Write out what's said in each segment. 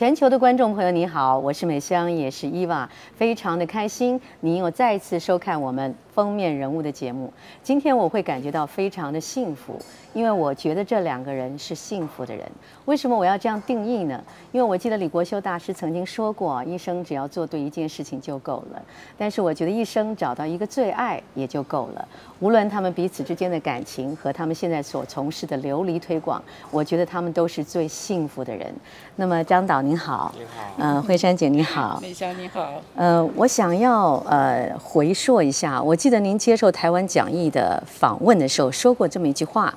全球的觀眾朋友，你好，我是美香，也是伊娃，非常的開心，您又再一次收看我們。封面人物的節目，今天我會感覺到非常的幸福，因為我覺得這兩個人是幸福的人。為什麼我要這樣定義呢？因為我記得李國修大師曾經說過，一生只要做對一件事情就夠了。但是我覺得，一生找到一個最愛也就夠了。無論他們彼此之間的感情和他們現在所從事的琉璃推廣，我覺得他們都是最幸福的人。那麼張導您好，您好呃、你好。嗯，惠姍姐你好，美香你好。嗯，我想要呃回溯一下，我記。記得您接受台灣講義的訪問的時候說過這麼一句話，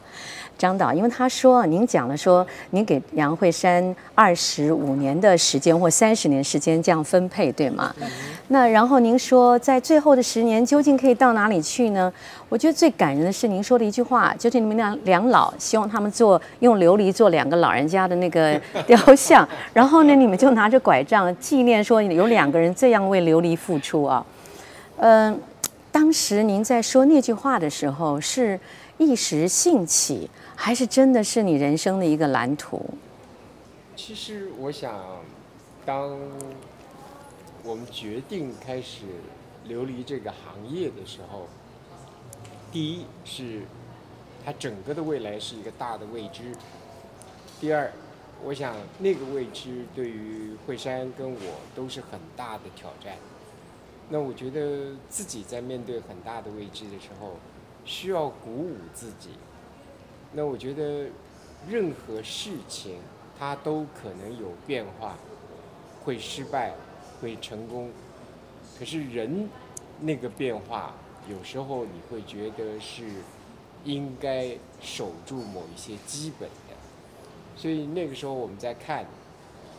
張導，因為他說您講了說您給楊惠姍二十五年的時間或三十年時間，這樣分配對嗎？嗯、那然後您說在最後的十年究竟可以到哪裡去呢？我覺得最感人的是您說的一句話，就是你們兩兩老希望他們做用琉璃做兩個老人家的那個雕像，然後呢，你們就拿着拐杖，紀念說有兩個人這樣為琉璃付出啊，嗯、呃。當時您在說那句話的時候，是一時興起，還是真的是你人生的一個藍圖？其實我想，當我們決定開始琉璃這個行業的時候，第一是它整個的未來是一個大的未知；第二，我想那個未知對於惠姍跟我都是很大的挑戰。那我覺得自己在面對很大的未知的時候，需要鼓舞自己。那我覺得任何事情它都可能有變化，會失敗，會成功。可是人那個變化，有時候你會覺得是應該守住某一些基本的。所以那個時候我們在看。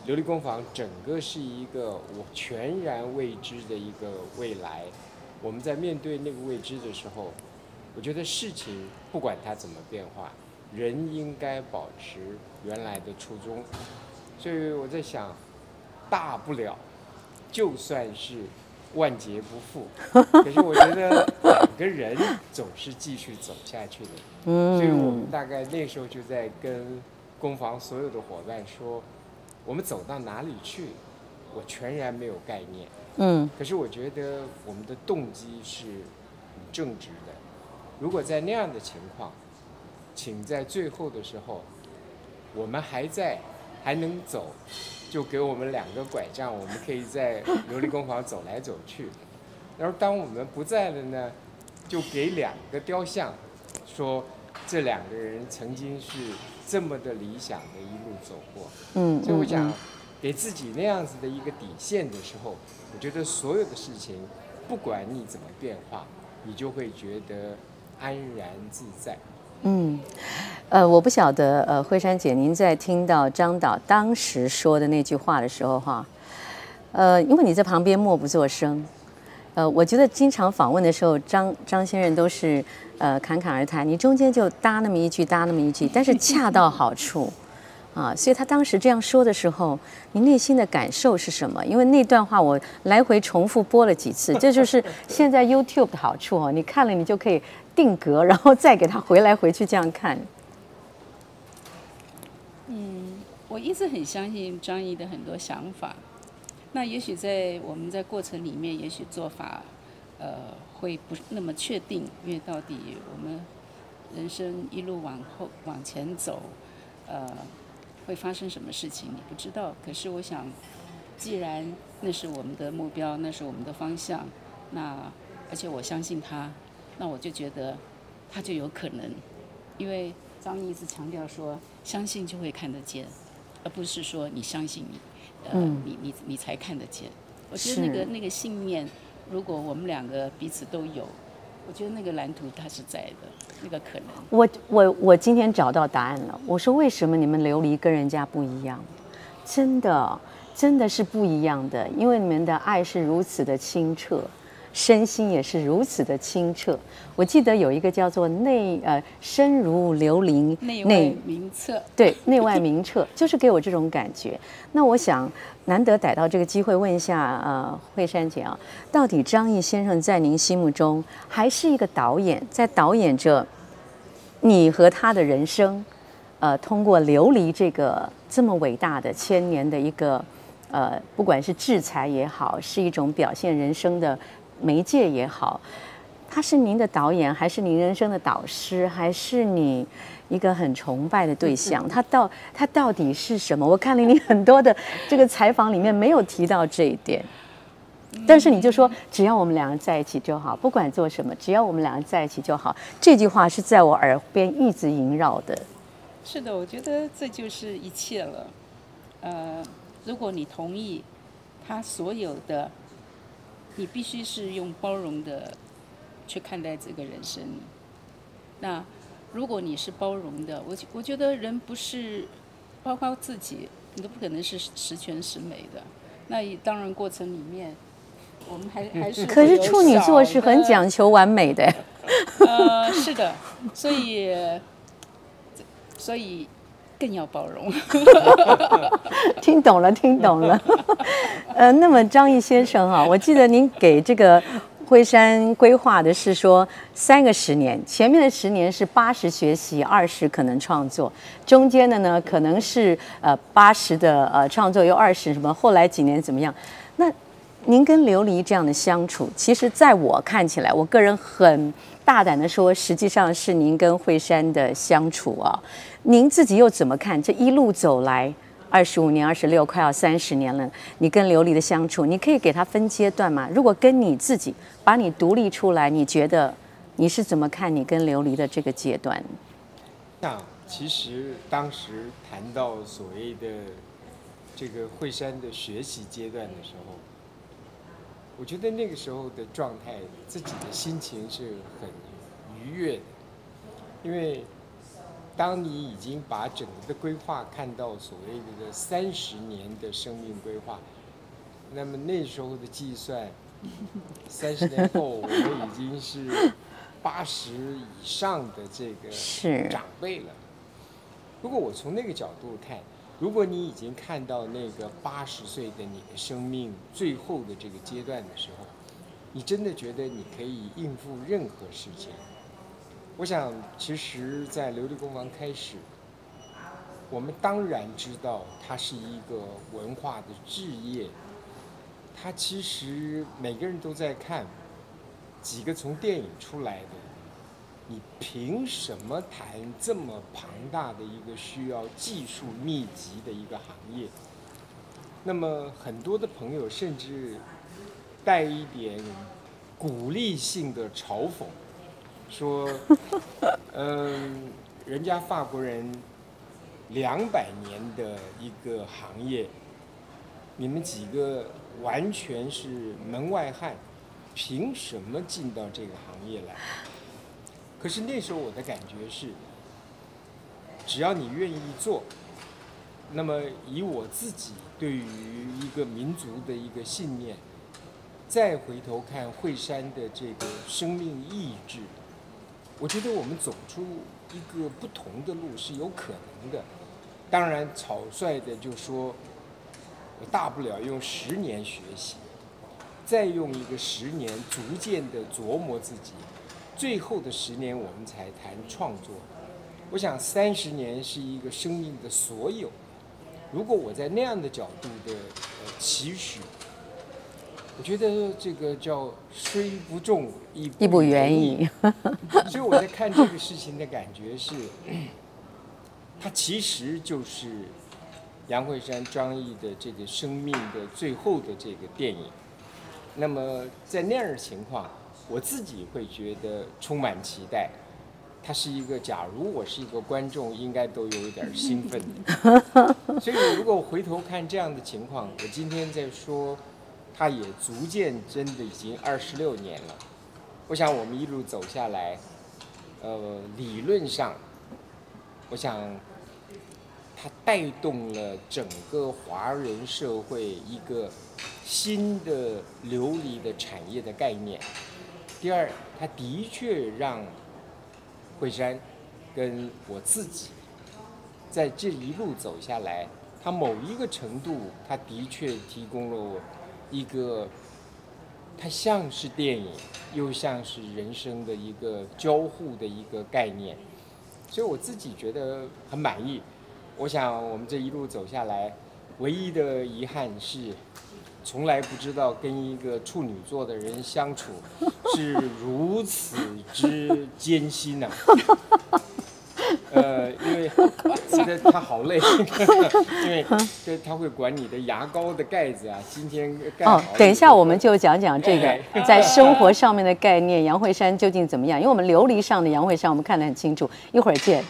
琉璃工房整個是一個我全然未知的一個未來，我們在面對那個未知的時候，我覺得事情不管它怎麼變化，人應該保持原來的初衷。所以我在想，大不了就算是萬劫不復，可是我覺得兩個人總是繼續走下去的。嗯，所以我們大概那時候就在跟工房所有的夥伴說。我們走到哪裡去，我全然沒有概念。嗯，可是我覺得我們的動機是很正直的。如果在那樣的情況，請在最後的時候，我們還在，還能走，就給我們兩個拐杖，我們可以在琉璃工房走來走去。然後當我們不在了呢，就給兩個雕像，說這兩個人曾經是。這麼的理想的一路走過，嗯，所以我講給自己那樣子的一個底線的時候，我覺得所有的事情不管你怎麼變化，你就會覺得安然自在。嗯，呃，我不曉得，呃，惠姍姐，您在聽到張導當時說的那句話的時候，哈，呃，因為你在旁邊默不作聲，呃，我覺得經常訪問的時候，張張先生都是。呃，侃侃而談，你中間就搭那麼一句，搭那麼一句，但是恰到好處，啊，所以他當時這樣說的時候，你內心的感受是什麼？因為那段話我來回重複播了幾次，這就是現在 YouTube 的好處哦，你看了你就可以定格，然後再給他回來回去這樣看。嗯，我一直很相信張毅的很多想法，那也許在我們在過程裡面，也許做法，呃。會不那麼確定，因為到底我們人生一路往後往前走，呃，會發生什麼事情你不知道。可是我想，既然那是我們的目標，那是我們的方向，那而且我相信他，那我就覺得他就有可能。因為張毅一直強調說，相信就會看得見，而不是說你相信你，呃，嗯、你你你才看得見。我覺得那個是那個信念。如果我們兩個彼此都有，我覺得那個藍圖它是在的，那個可能。我我我今天找到答案了，我說為什麼你們琉璃跟人家不一樣？真的，真的是不一樣的，因為你們的愛是如此的清澈。身心也是如此的清澈。我記得有一個叫做內“內呃身如琉璃，內外明澈內”，對，內外明澈， 就是給我這種感覺。那我想，難得逮到這個機會，問一下呃惠姍姐啊，到底張毅先生在您心目中還是一個導演，在導演着你和他的人生？呃，通過琉璃這個這麼偉大的千年的一個，呃，不管是制裁也好，是一種表現人生的，媒介也好，他是您的導演，還是您人生的導師，還是你一個很崇拜的對象？他到他到底是什麼？我看了你很多的這個採訪，裡面沒有提到這一點。但是你就說，只要我們兩個人在一起就好，不管做什麼，只要我們兩個人在一起就好。這句話是在我耳邊一直縈繞的。是的，我覺得這就是一切了。呃，如果你同意他所有的。你必須是用包容的去看待這個人生。那如果你是包容的，我我覺得人不是包括自己，你都不可能是十全十美的。那當然，過程裡面我們還還是。可是處女座是很講求完美的。 呃，是的，所以所以更要包容。 聽懂了，聽懂了。呃，那麼張毅先生哈、啊，我記得您給這個惠姍規劃的是說三個十年，前面的十年是八十學習，二十可能創作，中間的呢可能是呃八十的呃創作，又二十什麼，後來幾年怎麼樣？那您跟琉璃這樣的相處，其實在我看起來，我個人很大膽的說，實際上是您跟惠姍的相處啊，您自己又怎麼看這一路走來？二十五年、二十六，快要三十年了。你跟琉璃的相處，你可以給他分階段嗎？如果跟你自己把你獨立出來，你覺得你是怎麼看你跟琉璃的這個階段？像其實當時談到所謂的這個惠姍的學習階段的時候，我覺得那個時候的狀態，自己的心情是很愉悅的，因為。當你已經把整個的規劃看到所謂的三十年的生命規劃，那麼那時候的計算，三十年後我們已經是八十以上的這個長輩了。如果是我從那個角度看，如果你已經看到那個八十歲的你的生命最後的這個階段的時候，你真的覺得你可以應付任何事情？我想，其實，在琉璃工房開始，我們當然知道它是一個文化的置業。它其實每個人都在看，幾個從電影出來的，你憑什麼談這麼龐大的一個需要技術密集的一個行業？那麼，很多的朋友甚至帶一點鼓勵性的嘲諷。說，嗯、呃，人家法國人兩百年的一個行業，你們幾個完全是門外漢，憑什麼進到這個行業來？可是那時候我的感覺是，只要你願意做，那麼以我自己對於一個民族的一個信念，再回頭看惠姍的這個生命意志。我覺得我們走出一個不同的路是有可能的，當然草率的就說，我大不了用十年學習，再用一個十年逐漸的琢磨自己，最後的十年我們才談創作。我想三十年是一個生命的所有，如果我在那樣的角度的呃期許。我覺得這個叫“雖不中亦不遠矣”，所以我在看這個事情的感覺是，它其實就是楊惠姍、張毅的這個生命的最後的這個電影。那麼在那樣的情況，我自己會覺得充滿期待。他是一個，假如我是一個觀眾，應該都有一點興奮。所以如果我回頭看這樣的情況，我今天在說。它也逐漸真的已經二十六年了。我想我們一路走下來，呃，理論上，我想它帶動了整個華人社會一個新的琉璃的產業的概念。第二，它的確讓惠姍跟我自己在這一路走下來，它某一個程度，它的確提供了我。一個，它像是電影，又像是人生的一個交互的一個概念，所以我自己覺得很滿意。我想我們這一路走下來，唯一的遺憾是，從來不知道跟一個處女座的人相處是如此之艱辛呢、啊。 呃，因為現在他好累，因為這他會管你的牙膏的蓋子啊，今天蓋哦，等一下，我們就講講這個、哎、在生活上面的概念，哎、楊惠姍究竟怎麼樣？因為我們琉璃上的楊惠姍，我們看得很清楚。一會兒見。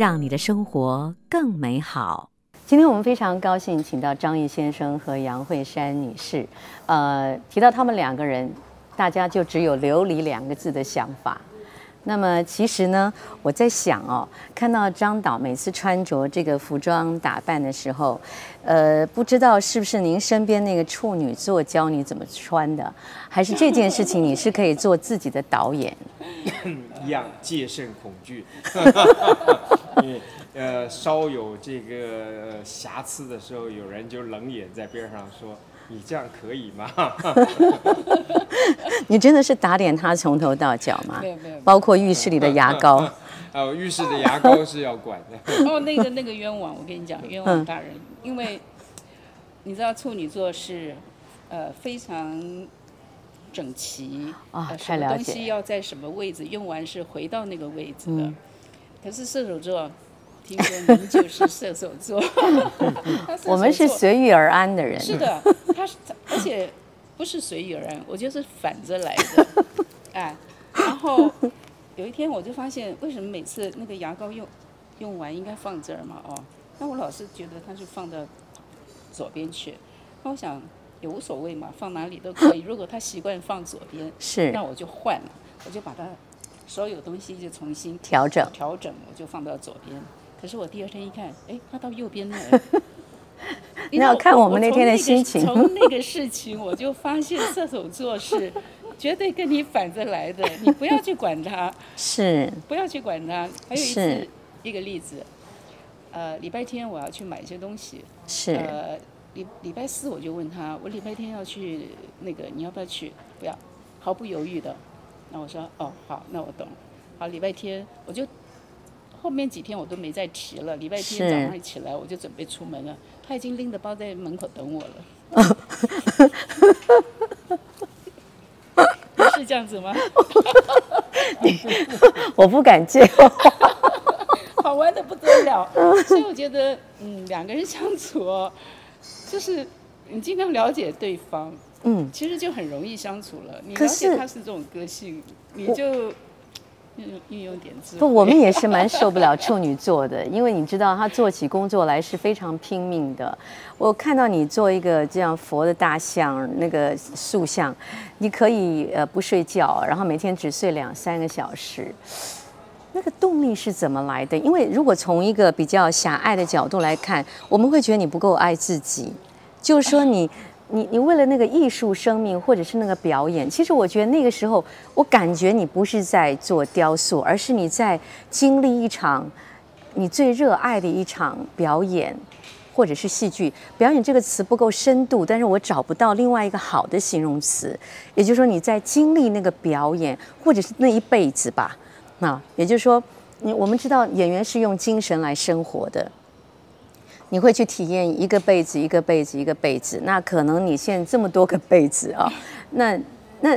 讓你的生活更美好。今天我們非常高興，請到張毅先生和楊惠姍女士。呃，提到他們兩個人，大家就只有“琉璃”兩個字的想法。那麼其實呢，我在想哦，看到張導每次穿着這個服裝打扮的時候，呃，不知道是不是您身邊那個處女座教你怎麼穿的，還是這件事情你是可以做自己的導演？一樣，嗯，戒慎恐懼 因為，呃，稍有這個瑕疵的時候，有人就冷眼在邊上說。你這樣可以嗎？ 你真的是打點他從頭到腳嗎？沒有沒有，包括浴室裡的牙膏。哦，浴室的牙膏是要管的。 哦，那個那個冤枉，我跟你講，冤枉大人，因為你知道處女座是呃非常整齊啊，呃、什麼東西要在什麼位置，用完是回到那個位置的。嗯、可是射手座。聽說您就是射手座，我們是隨遇而安的人。 是的，他是，而且不是隨遇而安，我就是反着來的。哎，然後有一天我就發現，為什麼每次那個牙膏用用完應該放這兒嘛？哦，那我老是覺得它是放到左邊去。那我想也無所謂嘛，放哪裡都可以。 如果他習慣放左邊，是，那我就換了，我就把它所有東西就重新調整調整，整我就放到左邊。可是我第二天一看，哎，他到右邊了。那要 看我們那天的心情。從，那個、從那個事情，我就發現射手座是絕對跟你反着來的， 你不要去管他。是。不要去管他。還有一次，是一個例子，呃，禮拜天我要去買一些東西。是。呃，禮禮拜四我就問他，我禮拜天要去那個，你要不要去？不要，毫不猶豫的。那我說，哦，好，那我懂。好，禮拜天我就。後面幾天我都沒再提了。禮拜天早上一起來，我就準備出門了。是他已經拎着包在門口等我了。是這樣子嗎？我不敢接。好玩的不,不得了，所以我覺得，嗯，兩個人相處、哦，就是你盡量了解對方，嗯，其實就很容易相處了。是你了解他是這種個性，你就。運用點子不，我們也是蠻受不了處女座的。 因為你知道她做起工作來是非常拼命的。我看到你做一個這樣佛的大象，那個塑像，你可以呃不睡覺，然後每天只睡兩三個小時，那個動力是怎麼來的？因為如果從一個比較狹隘的角度來看，我們會覺得你不夠愛自己，就是說你。你你為了那個藝術生命，或者是那個表演，其實我覺得那個時候，我感覺你不是在做雕塑，而是你在經歷一場你最熱愛的一場表演，或者是戲劇。表演這個詞不夠深度，但是我找不到另外一個好的形容詞。也就是說，你在經歷那個表演，或者是那一輩子吧。那、啊、也就是說，你我們知道演員是用精神來生活的。你會去體驗一個被子一個被子一個被子，那可能你現在這麼多個被子啊，那那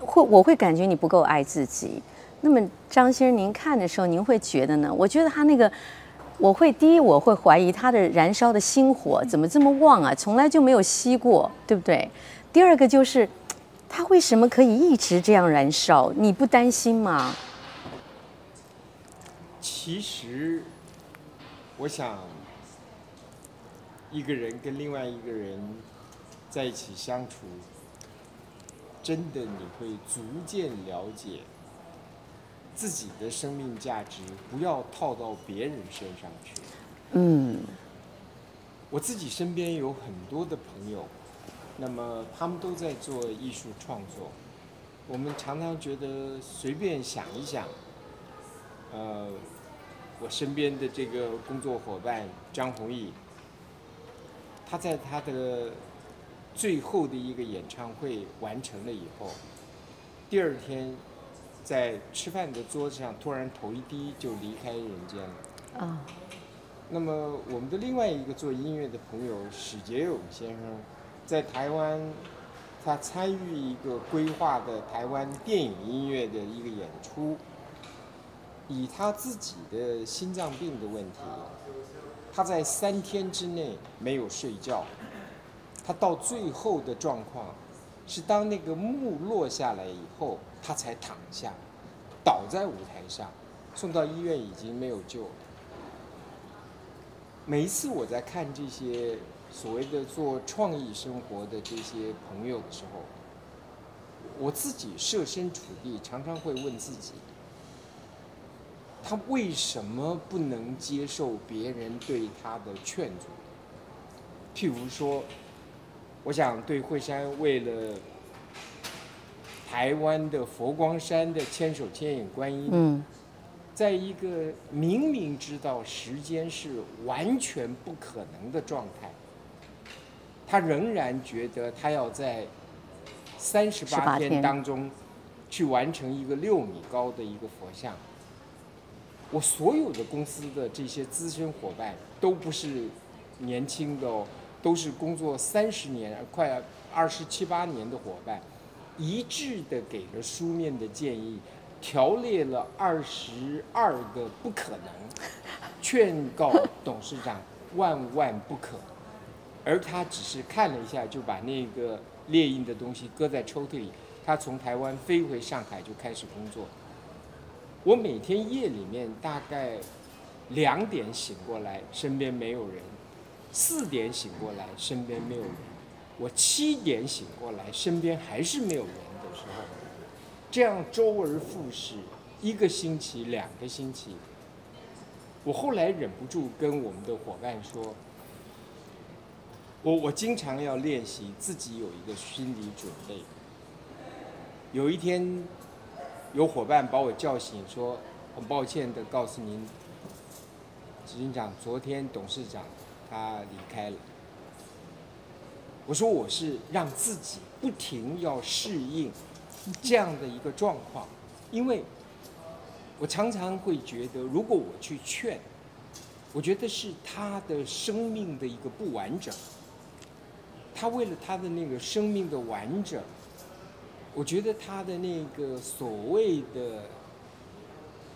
會我會感覺你不夠愛自己。那麼張先生，您看的時候您會覺得呢？我覺得他那個，我會第一我會懷疑他的燃燒的心火怎麼這麼旺啊，從來就沒有熄過，對不對？第二個就是他為什麼可以一直這樣燃燒？你不擔心嗎？其實，我想。一個人跟另外一個人在一起相處，真的你會逐漸了解自己的生命價值，不要套到別人身上去。嗯，我自己身邊有很多的朋友，那麼他們都在做藝術創作，我們常常覺得隨便想一想，呃，我身邊的這個工作伙伴張毅。他在他的最後的一個演唱會完成了以後，第二天在吃飯的桌子上突然頭一低就離開人間了。啊、嗯。那麼我們的另外一個做音樂的朋友史杰勇先生，在台灣，他參與一個規劃的台灣電影音樂的一個演出，以他自己的心臟病的問題。他在三天之內沒有睡覺，他到最後的狀況是，當那個幕落下來以後，他才躺下，倒在舞台上，送到醫院已經沒有救了。每一次我在看這些所謂的做創意生活的這些朋友的時候，我自己設身處地，常常會問自己。他為什麼不能接受別人對他的勸阻？譬如說，我想對惠姍，為了台灣的佛光山的千手千眼觀音，嗯，在一個明明知道時間是完全不可能的狀態，他仍然覺得他要在三十八天當中去完成一個六米高的一個佛像。我所有的公司的這些資深夥伴都不是年輕的哦，都是工作三十年快二十七八年的夥伴，一致的給了書面的建議，條列了二十二個不可能，勸告董事長萬萬不可，而他只是看了一下就把那個列印的東西擱在抽屜裡，他從台灣飛回上海就開始工作。我每天夜裡面大概兩點醒過來，身邊沒有人；四點醒過來，身邊沒有人；我七點醒過來，身邊還是沒有人的時候，這樣周而復始，一個星期、兩個星期。我後來忍不住跟我們的夥伴說：“我我經常要練習自己有一個心理準備。有一天。”有夥伴把我叫醒，說：“很抱歉地告訴您，執行長，昨天董事長他離開了。”我說：“我是讓自己不停要適應這樣的一個狀況，因為，我常常會覺得，如果我去勸，我覺得是他的生命的一個不完整。他為了他的那個生命的完整。”我覺得他的那個所謂的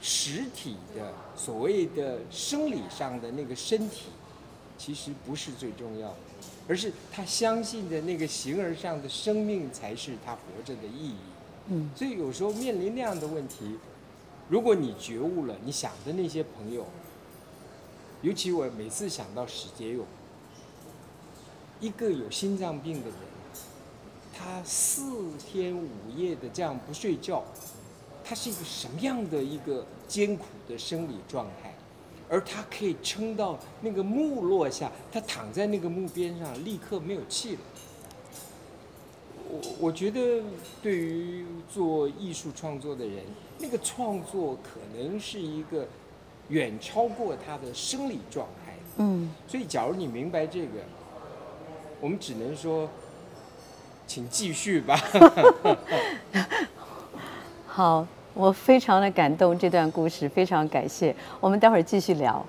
實體的，所謂的生理上的那個身體，其實不是最重要的，而是他相信的那個形而上的生命才是他活着的意義。嗯，所以有時候面臨那樣的問題，如果你覺悟了，你想的那些朋友，尤其我每次想到史杰勇，一個有心臟病的人。他四天五夜的這樣不睡覺，他是一個什麼樣的一個艱苦的生理狀態？而他可以撐到那個木落下，他躺在那個木邊上，立刻沒有氣了。我我覺得，對於做藝術創作的人，那個創作可能是一個遠超過他的生理狀態。嗯。所以，假如你明白這個，我們只能說。請繼續吧。 好，我非常的感動這段故事，非常感謝。我們待會兒繼續聊。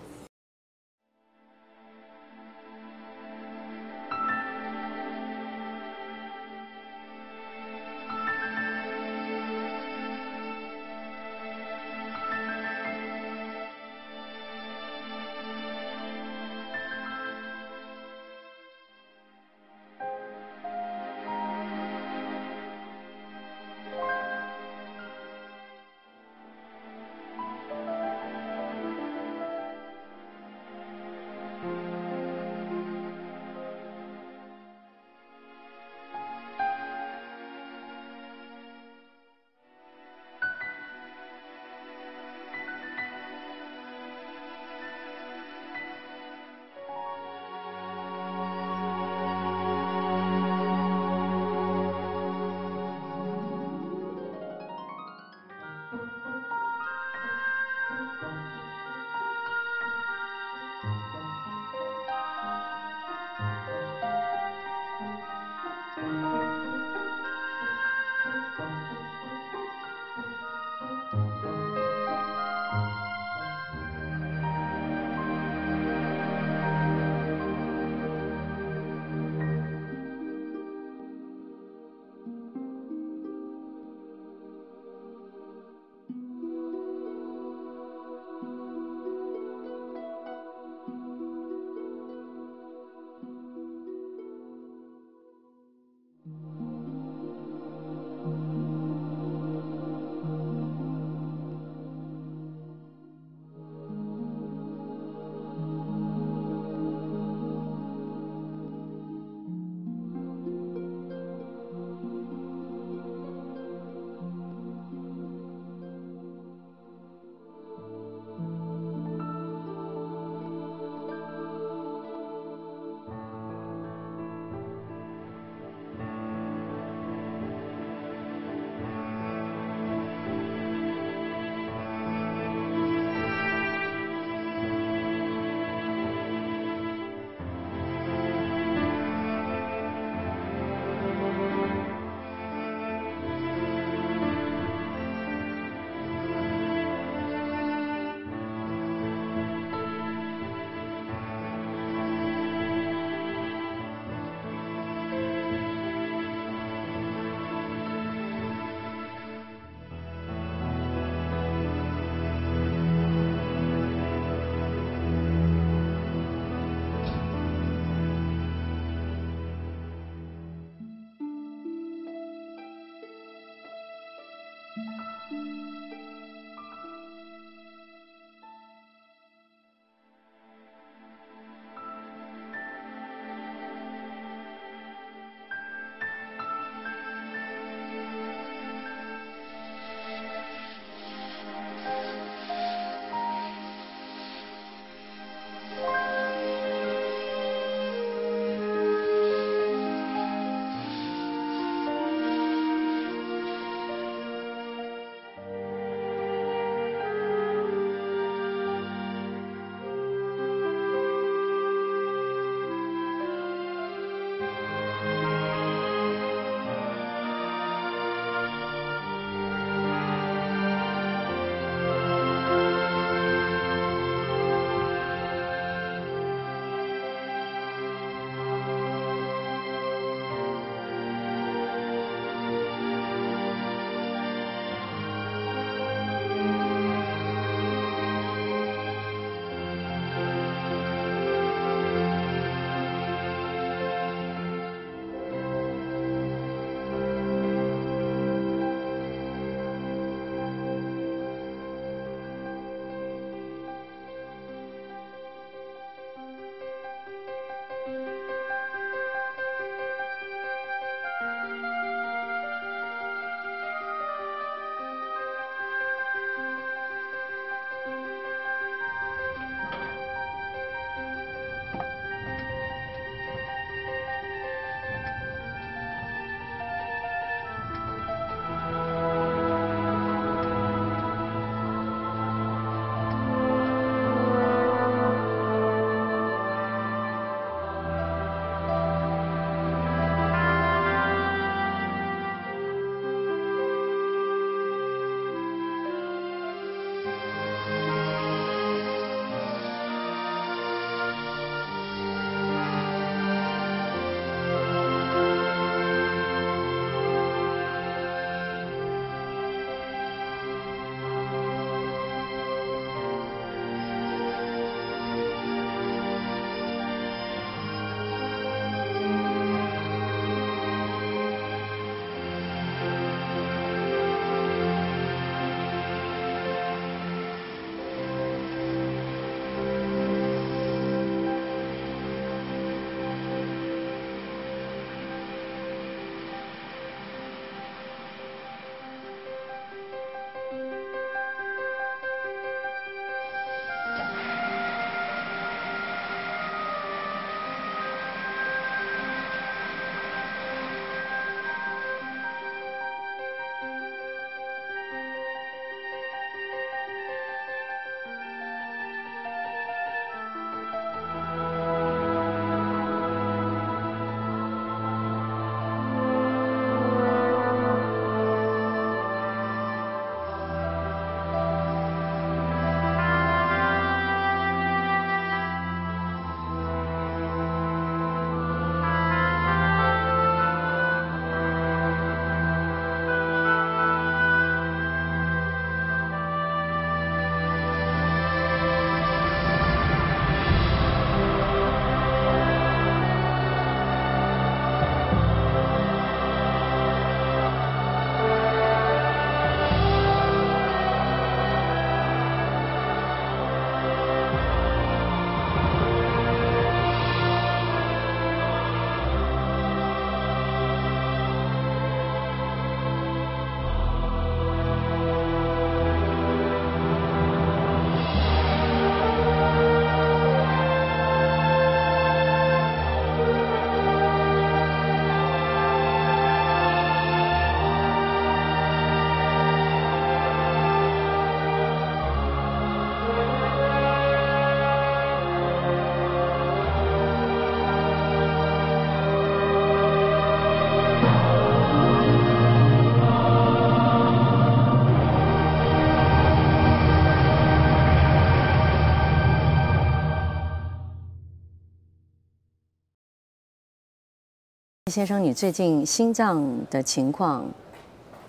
先生，你最近心臟的情況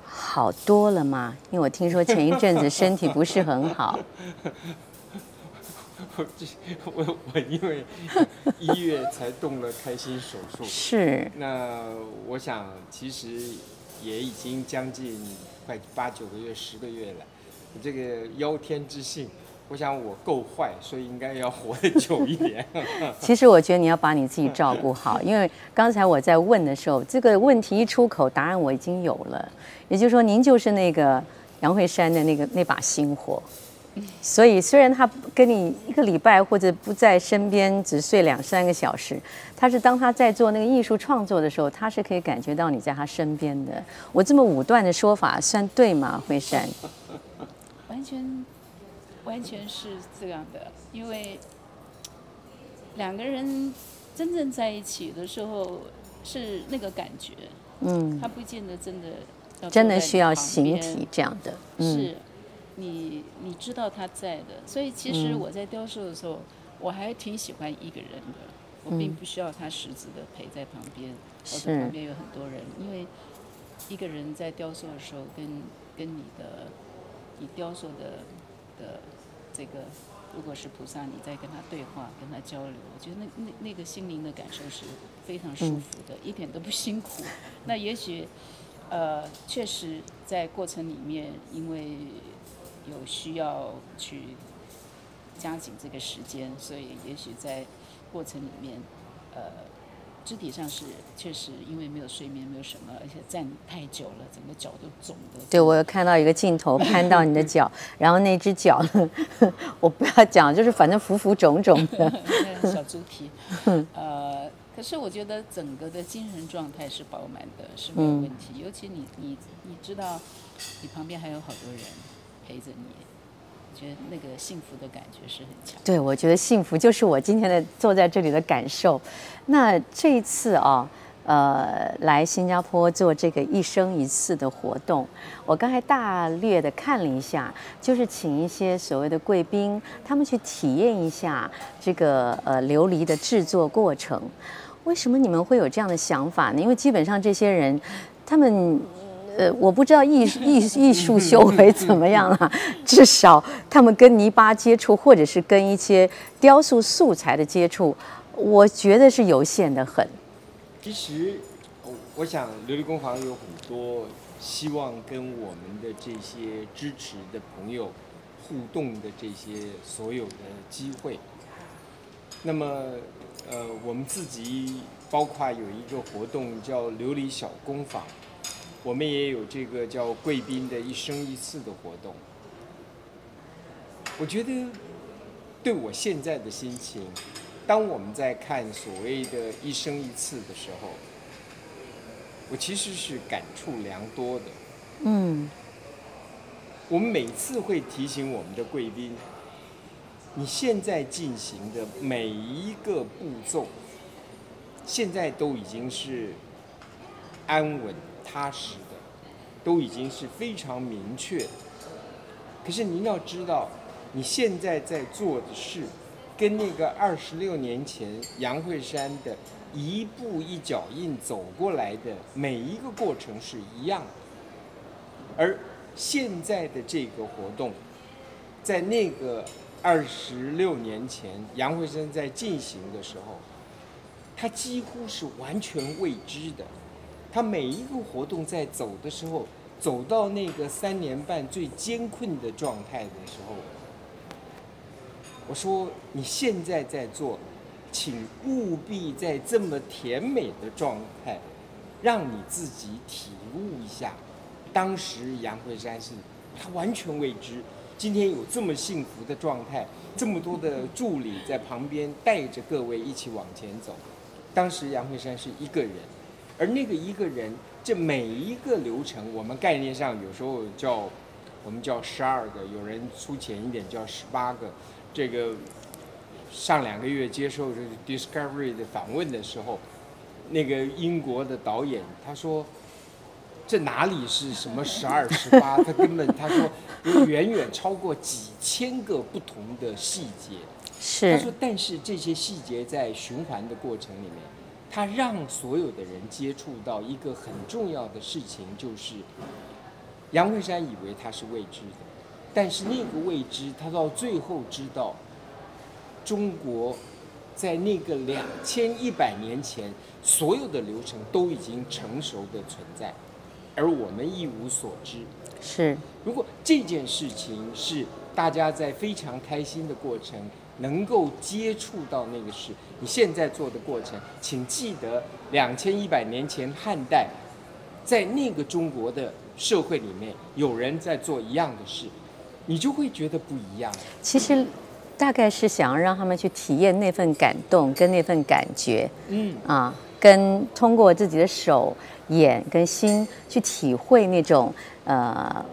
好多了嗎？因為我聽說前一陣子身體不是很好。 我我我因為一月才動了開心手術， 是。那我想其實也已經將近快八九個月，十個月了，這個邀天之幸。我想我夠壞，所以應該要活得久一點。 其實我覺得你要把你自己照顧好，因為剛才我在問的時候，這個問題一出口，答案我已經有了。也就是說，您就是那個楊惠姍的那個那把心火。所以雖然他跟你一個禮拜或者不在身邊，只睡兩三個小時，他是當他在做那個藝術創作的時候，他是可以感覺到你在他身邊的。我這麼武斷的說法算對嗎？惠姍？ 完全。完全是這樣的，因為兩個人真正在一起的時候是那個感覺，嗯，他不見得真的真的需要形體這樣的，嗯、是你你知道他在的，所以其實我在雕塑的時候，嗯、我還挺喜歡一個人的，我並不需要他實質的陪在旁邊，是、嗯，我旁邊有很多人，是因為一個人在雕塑的時候跟，跟跟你的你雕塑的。的這個，如果是菩薩，你在跟他對話、跟他交流，我覺得那那那個心靈的感受是非常舒服的，一點都不辛苦。那也許，呃，確實在過程裡面，因為有需要去加緊這個時間，所以也許在過程裡面，呃。肢體上是確實因為沒有睡眠，沒有什麼，而且站太久了，整個腳都腫的。對，我有看到一個鏡頭，拍到你的腳， 然後那隻腳呵呵，我不要講，就是反正浮浮腫腫的， 小豬蹄。 呃，可是我覺得整個的精神狀態是飽滿的，是沒有問題。嗯、尤其你你你知道，你旁邊還有好多人陪着你。我覺得那個幸福的感覺是很強的。對，我覺得幸福就是我今天的坐在這裡的感受。那這一次啊、哦，呃，來新加坡做這個一生一次的活動，我剛才大略的看了一下，就是請一些所謂的貴賓，他們去體驗一下這個呃琉璃的制作過程。為什麼你們會有這樣的想法呢？因為基本上這些人，他們。呃，我不知道藝藝藝術修為怎麼樣了，啊， 至少他們跟泥巴接觸，或者是跟一些雕塑素材的接觸，我覺得是有限的很。其實，我我想琉璃工房有很多希望跟我們的這些支持的朋友互動的這些所有的機會。那麼，呃，我們自己包括有一個活動叫琉璃小工房。我們也有這個叫貴賓的一生一次的活動，我覺得對我現在的心情，當我們在看所謂的一生一次的時候，我其實是感觸良多的。嗯，我們每次會提醒我們的貴賓，你現在進行的每一個步驟，現在都已經是安穩。踏實的，都已經是非常明確的。可是您要知道，你現在在做的事，跟那個二十六年前楊惠姍的一步一腳印走過來的每一個過程是一樣的。而現在的這個活動，在那個二十六年前楊惠姍在進行的時候，它幾乎是完全未知的。他每一個活動在走的時候，走到那個三年半最艱困的狀態的時候，我說你現在在做，請務必在這麼甜美的狀態，讓你自己體悟一下，當時楊惠姍是，她完全未知。今天有這麼幸福的狀態，這麼多的助理在旁邊帶着各位一起往前走，當時楊惠姍是一個人。而那個一個人，這每一個流程，我們概念上有時候叫我們叫十二個，有人粗淺一點叫十八個。這個上兩個月接受這個 Discovery 的訪問的時候，那個英國的導演他說：“這哪裡是什麼十二、十八？他根本他說有遠遠超過幾千個不同的細節。”是。是他說：“但是這些細節在循環的過程裡面。”他讓所有的人接觸到一個很重要的事情，就是楊惠姍以為他是未知的，但是那個未知，他到最後知道，中國在那個兩千一百年前，所有的流程都已經成熟的存在，而我們一無所知。是，如果這件事情是大家在非常開心的過程。能夠接觸到那個事。你現在做的過程，請記得兩千一百年前漢代，在那個中國的社會裡面，有人在做一樣的事，你就會覺得不一樣。其實，大概是想要讓他們去體驗那份感動跟那份感覺，嗯，啊，跟通過自己的手、眼跟心去體會那種，呃。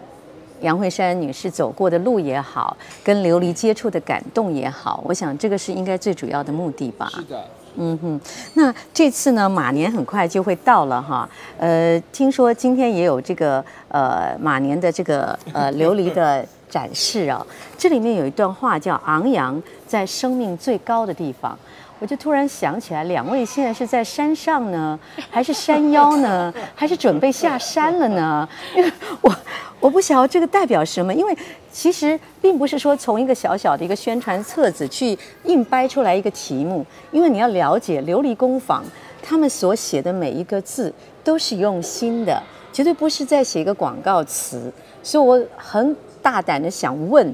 楊惠姍女士走過的路也好，跟琉璃接觸的感動也好，我想這個是應該最主要的目的吧。是的，是的嗯哼。那這次呢，馬年很快就會到了哈，呃，聽說今天也有這個呃馬年的這個呃琉璃的展示啊，這裡面有一段話叫“昂揚在生命最高的地方”。我就突然想起來，兩位現在是在山上呢，還是山腰呢，還是準備下山了呢？因為我我不曉得這個代表什麼，因為其實並不是說從一個小小的一個宣傳冊子去硬掰出來一個題目，因為你要了解琉璃工房，他們所寫的每一個字都是用心的，絕對不是在寫一個廣告詞，所以我很大膽的想問。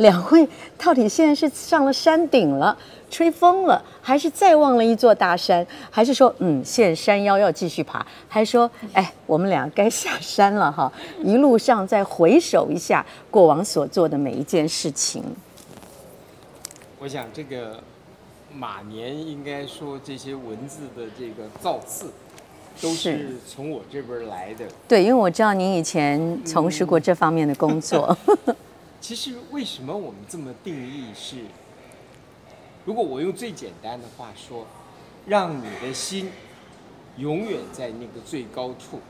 兩位到底現在是上了山頂了，吹風了，還是再望了一座大山，還是說，嗯，現山腰要繼續爬，還說，哎，我們倆該下山了哈，一路上再回首一下過往所做的每一件事情。我想這個馬年應該說這些文字的這個造字，都是從我這邊來的。對，因為我知道您以前從事過這方面的工作。嗯 其實，為什麼我們這麼定義是？如果我用最簡單的話說，讓你的心永遠在那個最高處，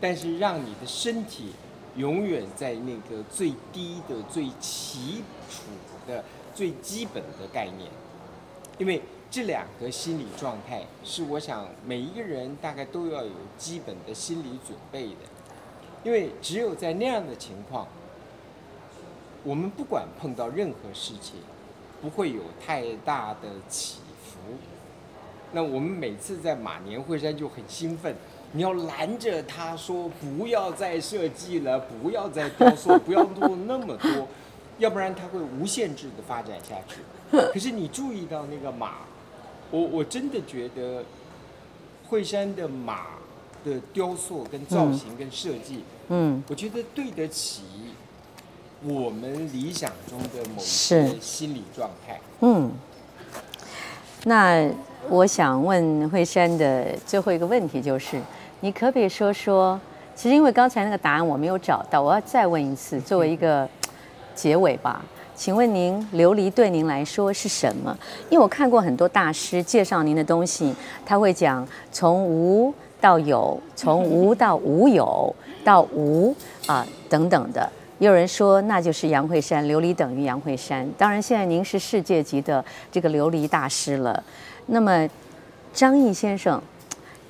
但是讓你的身體永遠在那個最低的、最基礎的、最基本的概念。因為這兩個心理狀態是，我想每一個人大概都要有基本的心理準備的。因為只有在那樣的情況。我們不管碰到任何事情，不會有太大的起伏。那我們每次在馬年惠姍，就很興奮。你要攔着他說不要再設計了，不要再雕塑，不要弄那麼多， 要不然他會無限制的發展下去。可是你注意到那個馬，我我真的覺得惠姍的馬的雕塑跟造型跟設計，嗯，我覺得對得起。我們理想中的某一個心理狀態。嗯，那我想問惠姍的最後一個問題就是，你可別說說。其實因為剛才那個答案我沒有找到，我要再問一次，作為一個結尾吧。請問您琉璃對您來說是什麼？因為我看過很多大師介紹您的東西，他會講從無到有，從無到無有到無啊、呃、等等的。也有人說，那就是楊惠姍，琉璃等於楊惠姍。當然，現在您是世界級的這個琉璃大師了。那麼，張毅先生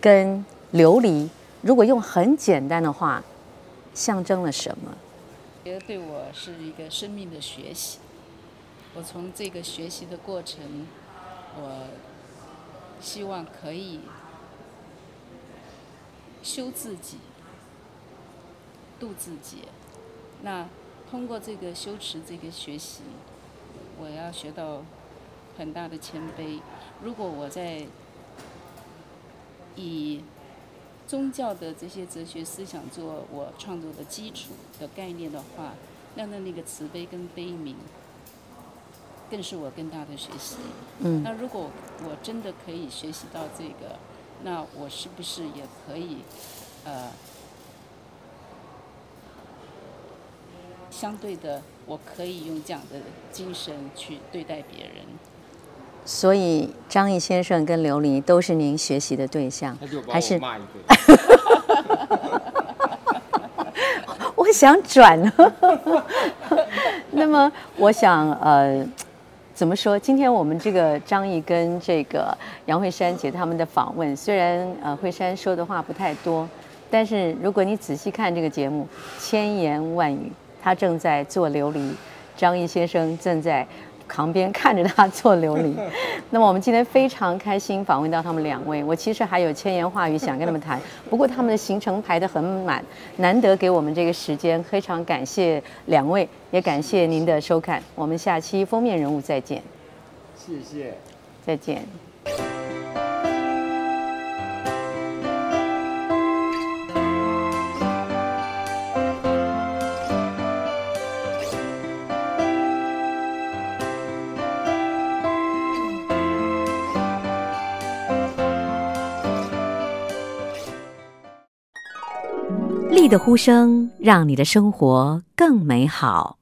跟琉璃，如果用很簡單的話，象徵了什麼？覺得對我是一個生命的學習。我從這個學習的過程，我希望可以修自己，度自己。那通過這個修持、這個學習，我要學到很大的謙卑。如果我在以宗教的這些哲學思想做我創作的基礎的概念的話，那那那個慈悲跟悲憫，更是我更大的學習。嗯。那如果我真的可以學習到這個，那我是不是也可以，呃相對的，我可以用這樣的精神去對待別人。所以張毅先生跟琉璃都是您學習的對象，還是 我想轉呢。 那麼我想呃，怎麼說？今天我們這個張毅跟這個楊惠姍姐他們的訪問，雖然呃惠姍說的話不太多，但是如果你仔細看這個節目，千言萬語。他正在做琉璃，張毅先生正在旁邊看着他做琉璃。那麼我們今天非常開心訪問到他們兩位，我其實還有千言話語想跟他們談，不過他們的行程排得很滿，難得給我們這個時間，非常感謝兩位，也感謝您的收看，我們下期封面人物再見。謝謝，再見。的書房，讓你的生活更美好。